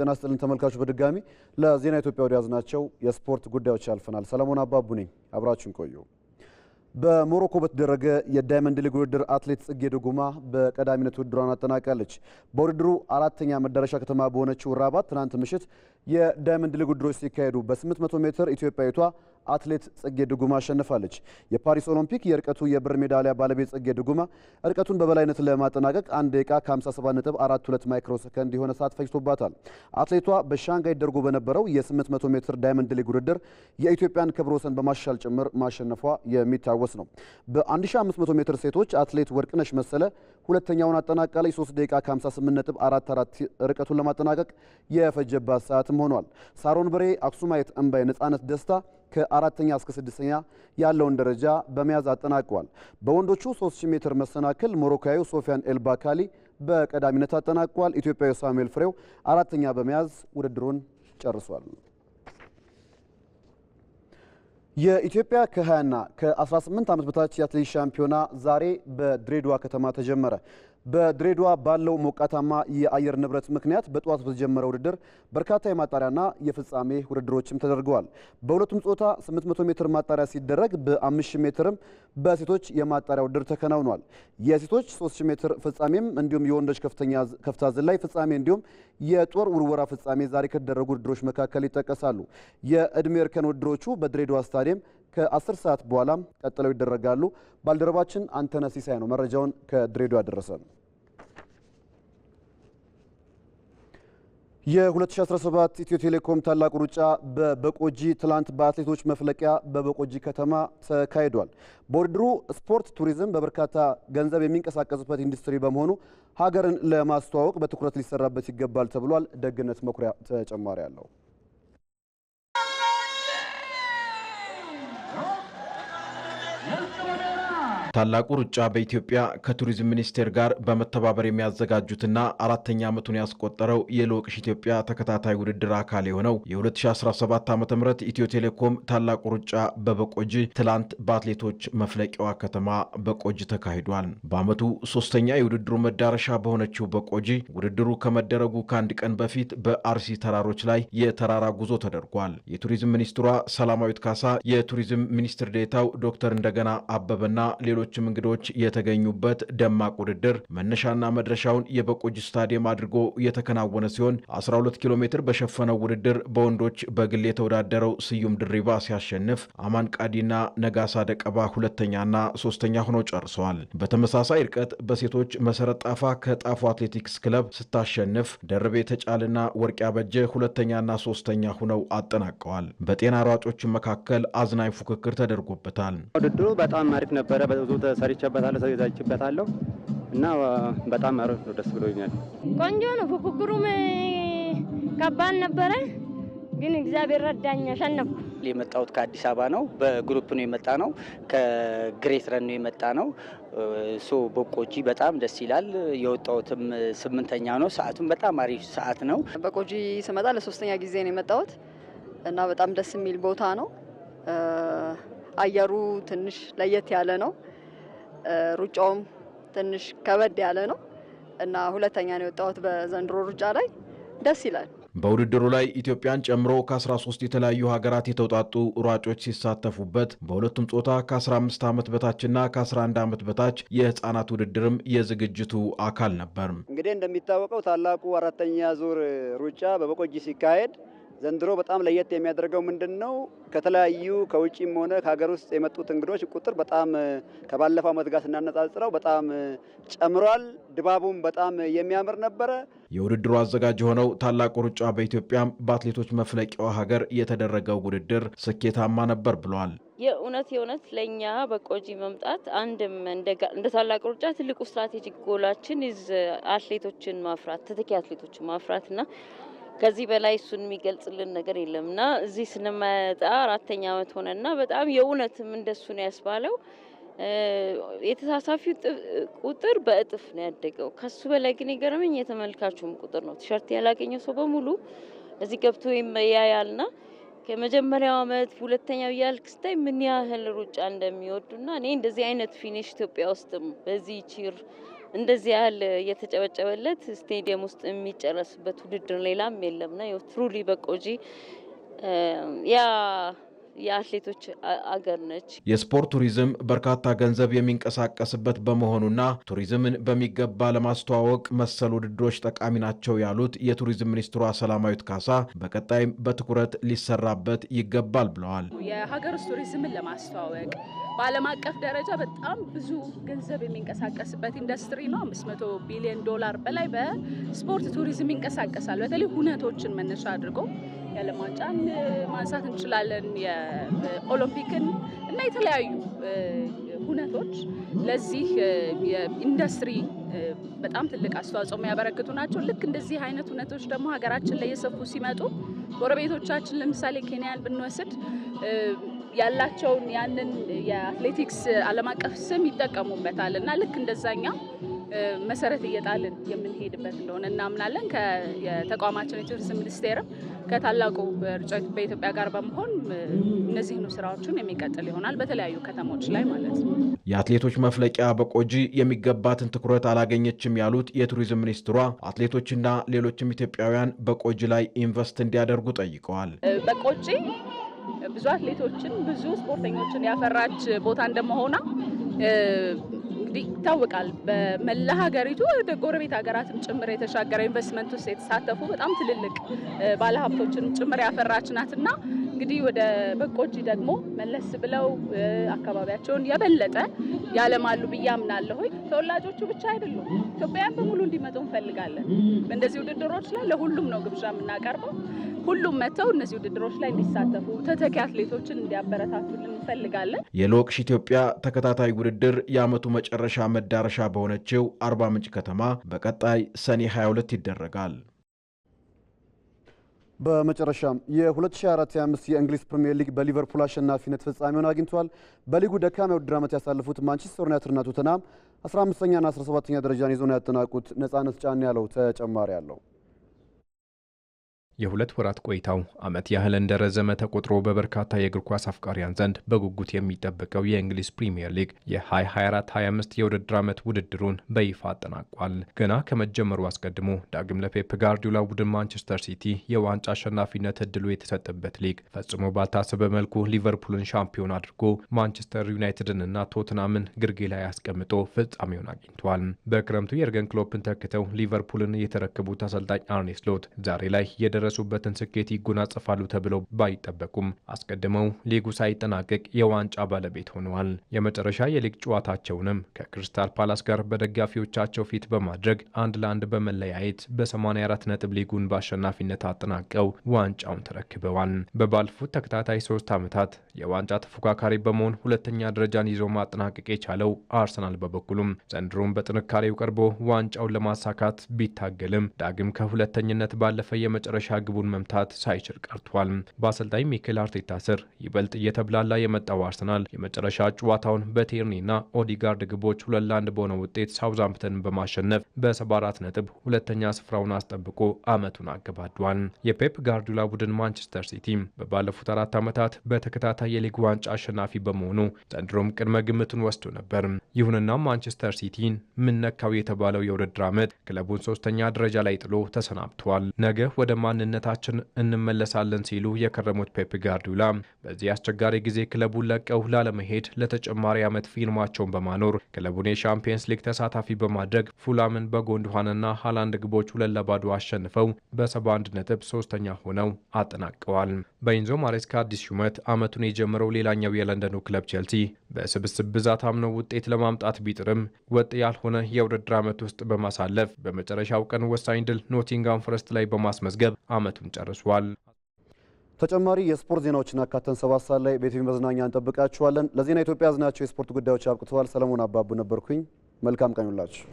ጤና ስጥልን ተመልካቾች፣ በድጋሚ ለዜና ኢትዮጵያ ወደ ያዝናቸው የስፖርት ጉዳዮች ያልፈናል። ሰለሞን አባቡ ነኝ፣ አብራችሁን ቆዩ። በሞሮኮ በተደረገ የዳይመንድ ሊግ ውድድር አትሌት ጽጌ ድጉማ በቀዳሚነት ውድድሯን አጠናቃለች። በውድድሩ አራተኛ መዳረሻ ከተማ በሆነችው ራባት ትናንት ምሽት የዳይመንድ ሊግ ውድድሮች ሲካሄዱ በ800 ሜትር ኢትዮጵያዊቷ አትሌት ጽጌ ድጉማ አሸንፋለች። የፓሪስ ኦሎምፒክ የርቀቱ የብር ሜዳሊያ ባለቤት ጽጌ ድጉማ ርቀቱን በበላይነት ለማጠናቀቅ አንድ ደቂቃ ከ57.42 ማይክሮ ሰከንድ የሆነ ሰዓት ፈጅቶባታል። አትሌቷ በሻንጋይ ደርጎ በነበረው የ800 ሜትር ዳይመንድ ሊግ ውድድር የኢትዮጵያን ክብረ ወሰን በማሻል ጭምር ማሸነፏ የሚታወስ ነው። በ1500 ሜትር ሴቶች አትሌት ወርቅነሽ መሰለ ሁለተኛውን አጠናቃ ላይ 3 ደቂቃ ከ58.44 ርቀቱን ለማጠናቀቅ የፈጀባት ሰዓት አራተኛም ሆኗል። ሳሮን በሬ አክሱማይት እምባይ፣ ነጻነት ደስታ ከአራተኛ እስከ ስድስተኛ ያለውን ደረጃ በመያዝ አጠናቀዋል። በወንዶቹ 3000 ሜትር መሰናክል ሞሮካዊው ሶፊያን ኤልባካሊ በቀዳሚነት አጠናቋል። ኢትዮጵያዊ ሳሙኤል ፍሬው አራተኛ በመያዝ ውድድሩን ጨርሷል። የኢትዮጵያ ከ20ና ከ18 ዓመት በታች የአትሌት ሻምፒዮና ዛሬ በድሬዳዋ ከተማ ተጀመረ። በድሬዳዋ ባለው ሞቃታማ የአየር ንብረት ምክንያት በጠዋት በተጀመረ ውድድር በርካታ የማጣሪያና የፍጻሜ ውድድሮችም ተደርገዋል። በሁለቱም ጾታ 800 ሜትር ማጣሪያ ሲደረግ በ5000 ሜትርም በሴቶች የማጣሪያ ውድድር ተከናውኗል። የሴቶች 3000 ሜትር ፍጻሜም እንዲሁም የወንዶች ከፍታ ዝላይ ፍጻሜ እንዲሁም የጦር ውርወራ ፍጻሜ ዛሬ ከተደረጉ ውድድሮች መካከል ይጠቀሳሉ። የዕድሜ እርከን ውድድሮቹ በድሬዳዋ ስታዲየም ከ10 ሰዓት በኋላ ቀጥለው ይደረጋሉ። ባልደረባችን አንተነህ ሲሳይ ነው መረጃውን ከድሬዳዋ ያደረሰን። የ2017 ኢትዮ ቴሌኮም ታላቁ ሩጫ በበቆጂ ትላንት በአትሌቶች መፍለቂያ በበቆጂ ከተማ ተካሂዷል። በውድድሩ ስፖርት፣ ቱሪዝም በበርካታ ገንዘብ የሚንቀሳቀስበት ኢንዱስትሪ በመሆኑ ሀገርን ለማስተዋወቅ በትኩረት ሊሰራበት ይገባል ተብሏል። ደግነት መኩሪያ ተጨማሪ አለው። ታላቁ ሩጫ በኢትዮጵያ ከቱሪዝም ሚኒስቴር ጋር በመተባበር የሚያዘጋጁትና አራተኛ ዓመቱን ያስቆጠረው የልወቅሽ ኢትዮጵያ ተከታታይ ውድድር አካል የሆነው የ2017 ዓ ም ኢትዮ ቴሌኮም ታላቁ ሩጫ በበቆጅ ትላንት በአትሌቶች መፍለቂያዋ ከተማ በቆጅ ተካሂዷል። በዓመቱ ሶስተኛ የውድድሩ መዳረሻ በሆነችው በቆጅ ውድድሩ ከመደረጉ ከአንድ ቀን በፊት በአርሲ ተራሮች ላይ የተራራ ጉዞ ተደርጓል። የቱሪዝም ሚኒስትሯ ሰላማዊት ካሳ፣ የቱሪዝም ሚኒስትር ዴታው ዶክተር እንደገና አበበና ሌሎች ሌሎችም እንግዶች የተገኙበት ደማቅ ውድድር መነሻና መድረሻውን የበቆጅ ስታዲየም አድርጎ የተከናወነ ሲሆን 12 ኪሎ ሜትር በሸፈነው ውድድር በወንዶች በግል የተወዳደረው ስዩም ድሪባ ሲያሸንፍ አማን ቃዲና ነጋሳ ደቀባ ሁለተኛና ሶስተኛ ሆነው ጨርሰዋል። በተመሳሳይ ርቀት በሴቶች መሰረት ጣፋ ከጣፉ አትሌቲክስ ክለብ ስታሸንፍ ደርቤ ተጫልና ወርቅ ያበጀ ሁለተኛና ሶስተኛ ሁነው አጠናቀዋል። በጤና ሯጮች መካከል አዝናኝ ፉክክር ተደርጎበታል። ውድድሩ በጣም አሪፍ ነበረ። ብዙ ሰርቼበታለሁ፣ ተዘጋጅቼበታለሁ እና በጣም አሪፍ ነው። ደስ ብሎኛል። ቆንጆ ነው። ፉክክሩም ከባድ ነበረ፣ ግን እግዚአብሔር ረዳኝ፣ አሸነፍኩ። የመጣሁት ከአዲስ አበባ ነው። በግሩፕ ነው የመጣ ነው። ከግሬት ረን ነው የመጣ ነው። ሶ በቆጂ በጣም ደስ ይላል። የወጣሁትም ስምንተኛ ነው። ሰዓቱም በጣም አሪፍ ሰዓት ነው። በቆጂ ስመጣ ለሶስተኛ ጊዜ ነው የመጣሁት እና በጣም ደስ የሚል ቦታ ነው። አየሩ ትንሽ ለየት ያለ ነው። ሩጫውም ትንሽ ከበድ ያለ ነው እና ሁለተኛ ነው የወጣሁት በዘንድሮ ሩጫ ላይ ደስ ይላል። በውድድሩ ላይ ኢትዮጵያን ጨምሮ ከ13 የተለያዩ ሀገራት የተውጣጡ ሯጮች ሲሳተፉበት በሁለቱም ጾታ ከ15 ዓመት በታችና ከ11 ዓመት በታች የህፃናት ውድድርም የዝግጅቱ አካል ነበር። እንግዲህ እንደሚታወቀው ታላቁ አራተኛ ዙር ሩጫ በበቆጂ ሲካሄድ ዘንድሮ በጣም ለየት የሚያደርገው ምንድን ነው? ከተለያዩ ከውጭም ሆነ ከሀገር ውስጥ የመጡት እንግዶች ቁጥር በጣም ከባለፈው ዓመት ጋር ስናነጻጽረው በጣም ጨምሯል። ድባቡም በጣም የሚያምር ነበረ። የውድድሩ አዘጋጅ የሆነው ታላቁ ሩጫ በኢትዮጵያም በአትሌቶች መፍለቂያው ሀገር የተደረገው ውድድር ስኬታማ ነበር ብሏል። የእውነት የእውነት ለእኛ በቆጂ መምጣት አንድም እንደ ታላቅ ሩጫ ትልቁ ስትራቴጂክ ጎላችን አትሌቶችን ማፍራት ተተኪ አትሌቶችን ማፍራትና ከዚህ በላይ እሱን የሚገልጽልን ነገር የለም እና እዚህ ስንመጣ አራተኛ ዓመት ሆነና በጣም የእውነትም እንደሱ ነው ያስባለው። የተሳሳፊው ቁጥር በእጥፍ ነው ያደገው። ከሱ በላይ ግን የገረመኝ የተመልካቹም ቁጥር ነው። ቲሸርት ያላገኘው ሰው በሙሉ እዚህ ገብቶ ያያልና ከመጀመሪያው አመት ሁለተኛው እያልክ ስታይ ምን ያህል ሩጫ ና እኔ እንደዚህ አይነት ፊኒሽ ኢትዮጵያ ውስጥም በዚህ ቺር እንደዚህ ያህል እየተጨበጨበለት ስቴዲየም ውስጥ የሚጨረስበት ውድድር ሌላም የለምና ትሩሊ በቆጂ ያ የአትሌቶች አገር ነች። የስፖርት ቱሪዝም በርካታ ገንዘብ የሚንቀሳቀስበት በመሆኑና ቱሪዝምን በሚገባ ለማስተዋወቅ መሰል ውድድሮች ጠቃሚ ናቸው ያሉት የቱሪዝም ሚኒስትሯ ሰላማዊት ካሳ በቀጣይም በትኩረት ሊሰራበት ይገባል ብለዋል። የሀገር ውስጥ ቱሪዝምን ለማስተዋወቅ በዓለም አቀፍ ደረጃ በጣም ብዙ ገንዘብ የሚንቀሳቀስበት ኢንዱስትሪ ነው። መቶ ቢሊዮን ዶላር በላይ በስፖርት ቱሪዝም ይንቀሳቀሳል። በተለይ ሁነቶችን መነሻ አድርገው። የዓለም ዋንጫን ማንሳት እንችላለን። የኦሎምፒክን እና የተለያዩ ሁነቶች ለዚህ የኢንዱስትሪ በጣም ትልቅ አስተዋጽኦ የሚያበረክቱ ናቸው። ልክ እንደዚህ አይነት ሁነቶች ደግሞ ሀገራችን ላይ የሰፉ ሲመጡ ጎረቤቶቻችን ለምሳሌ ኬንያን ብንወስድ ያላቸውን ያንን የአትሌቲክስ ዓለም አቀፍ ስም ይጠቀሙበታል እና ልክ እንደዛኛ መሰረት እየጣልን የምንሄድበት እንደሆነ እናምናለን። የተቋማችን የቱሪዝም ሚኒስቴርም ከታላቁ ሩጫ በኢትዮጵያ ጋር በመሆን እነዚህኑ ስራዎችን የሚቀጥል ይሆናል በተለያዩ ከተሞች ላይ ማለት ነው። የአትሌቶች መፍለቂያ በቆጂ የሚገባትን ትኩረት አላገኘችም ያሉት የቱሪዝም ሚኒስትሯ አትሌቶችና ሌሎችም ኢትዮጵያውያን በቆጂ ላይ ኢንቨስት እንዲያደርጉ ጠይቀዋል። በቆጂ ብዙ አትሌቶችን ብዙ ስፖርተኞችን ያፈራች ቦታ እንደመሆኗ እንግዲህ ይታወቃል በመላ ሀገሪቱ ወደ ጎረቤት ሀገራትም ጭምር የተሻገረ ኢንቨስትመንት ውስጥ የተሳተፉ በጣም ትልልቅ ባለሀብቶችን ጭምር ያፈራች ናት እና እንግዲህ ወደ በቆጂ ደግሞ መለስ ብለው አካባቢያቸውን የበለጠ ያለማሉ ብዬ አምናለሁኝ። ተወላጆቹ ብቻ አይደሉም፣ ኢትዮጵያውያን በሙሉ እንዲመጡ እንፈልጋለን። እንደዚህ ውድድሮች ላይ ለሁሉም ነው ግብዣ የምናቀርበው። ሁሉም መጥተው እነዚህ ውድድሮች ላይ እንዲሳተፉ ተተኪ አትሌቶችን እንዲያበረታቱልን እንፈልጋለን። የሎቅሽ ኢትዮጵያ ተከታታይ ውድድር የዓመቱ መጨረሻ መዳረሻ በሆነችው አርባ ምንጭ ከተማ በቀጣይ ሰኔ 22 ይደረጋል። በመጨረሻም የ2024/25 የእንግሊዝ ፕሪምየር ሊግ በሊቨርፑል አሸናፊነት ፍጻሜውን አግኝቷል። በሊጉ ደካማ የውድድር ዓመት ያሳለፉት ማንቸስተር ዩናይትድና ቶተናም 15ኛና 17ኛ ደረጃን ይዞ ነው ያጠናቁት። ነጻነት ጫን ያለው ተጨማሪ አለው። የሁለት ወራት ቆይታው ዓመት ያህል እንደረዘመ ተቆጥሮ በበርካታ የእግር ኳስ አፍቃሪያን ዘንድ በጉጉት የሚጠበቀው የእንግሊዝ ፕሪምየር ሊግ የ2024/25 የውድድር ዓመት ውድድሩን በይፋ አጠናቋል። ገና ከመጀመሩ አስቀድሞ ዳግም ለፔፕ ጋርዲዮላ ቡድን ማንቸስተር ሲቲ የዋንጫ አሸናፊነት እድሉ የተሰጠበት ሊግ ፈጽሞ ባልታሰበ መልኩ ሊቨርፑልን ሻምፒዮን አድርጎ ማንቸስተር ዩናይትድን እና ቶትናምን ግርጌ ላይ አስቀምጦ ፍጻሜውን አግኝቷል። በክረምቱ የርገን ክሎፕን ተክተው ሊቨርፑልን የተረከቡት አሰልጣኝ አርኔ ስሎት ዛሬ ላይ የደረ የደረሱበትን ስኬት ይጎናጸፋሉ ተብለው ባይጠበቁም አስቀድመው ሊጉ ሳይጠናቀቅ የዋንጫ ባለቤት ሆነዋል። የመጨረሻ የሊግ ጨዋታቸውንም ከክሪስታል ፓላስ ጋር በደጋፊዎቻቸው ፊት በማድረግ አንድ ለአንድ በመለያየት በ84 ነጥብ ሊጉን በአሸናፊነት አጠናቀው ዋንጫውን ተረክበዋል። በባለፉት ተከታታይ ሶስት ዓመታት የዋንጫ ተፎካካሪ በመሆን ሁለተኛ ደረጃን ይዞ ማጠናቀቅ የቻለው አርሰናል በበኩሉም ዘንድሮም በጥንካሬው ቀርቦ ዋንጫውን ለማሳካት ቢታገልም ዳግም ከሁለተኝነት ባለፈ የመጨረሻ ግቡን መምታት ሳይችል ቀርቷል። በአሰልጣኝ ሚኬል አርቴታ ስር ይበልጥ እየተብላላ የመጣው አርሰናል የመጨረሻ ጨዋታውን በቴርኒና ኦዲጋርድ ግቦች ሁለት ለአንድ በሆነ ውጤት ሳውዛምፕተን በማሸነፍ በ74 ነጥብ ሁለተኛ ስፍራውን አስጠብቆ አመቱን አገባዷል። የፔፕ ጋርዲዮላ ቡድን ማንቸስተር ሲቲ በባለፉት አራት ዓመታት በተከታታይ የሊግ ዋንጫ አሸናፊ በመሆኑ ዘንድሮም ቅድመ ግምቱን ወስዶ ነበር። ይሁንና ማንቸስተር ሲቲን ምነካው የተባለው የውድድር ዓመት ክለቡን ሶስተኛ ደረጃ ላይ ጥሎ ተሰናብቷል። ነገ ወደ ማን ማንነታችን እንመለሳለን ሲሉ የከረሙት ፔፕ ጋርዲዮላ በዚህ አስቸጋሪ ጊዜ ክለቡን ለቀው ላለመሄድ ለተጨማሪ ዓመት ፊርማቸውን በማኖር ክለቡን የሻምፒየንስ ሊግ ተሳታፊ በማድረግ ፉላምን በጎንድኋንና ሃላንድ ግቦች ሁለት ለባዶ አሸንፈው በሰባ አንድ ነጥብ ሶስተኛ ሆነው አጠናቀዋል። በኢንዞ ማሬስካ አዲስ ሹመት አመቱን የጀመረው ሌላኛው የለንደኑ ክለብ ቼልሲ በስብስብ ብዛት አምነው ውጤት ለማምጣት ቢጥርም ወጥ ያልሆነ የውድድር ዓመት ውስጥ በማሳለፍ በመጨረሻው ቀን ወሳኝ ድል ኖቲንጋም ፎረስት ላይ በማስመዝገብ አመቱን ጨርሷል። ተጨማሪ የስፖርት ዜናዎችን አካተን ሰባት ሰዓት ላይ በኢቲቪ መዝናኛ እንጠብቃችኋለን። ለዜና ኢትዮጵያ ያዝናቸው የስፖርት ጉዳዮች አብቅተዋል። ሰለሞን አባቡ ነበርኩኝ። መልካም ቀኑላችሁ።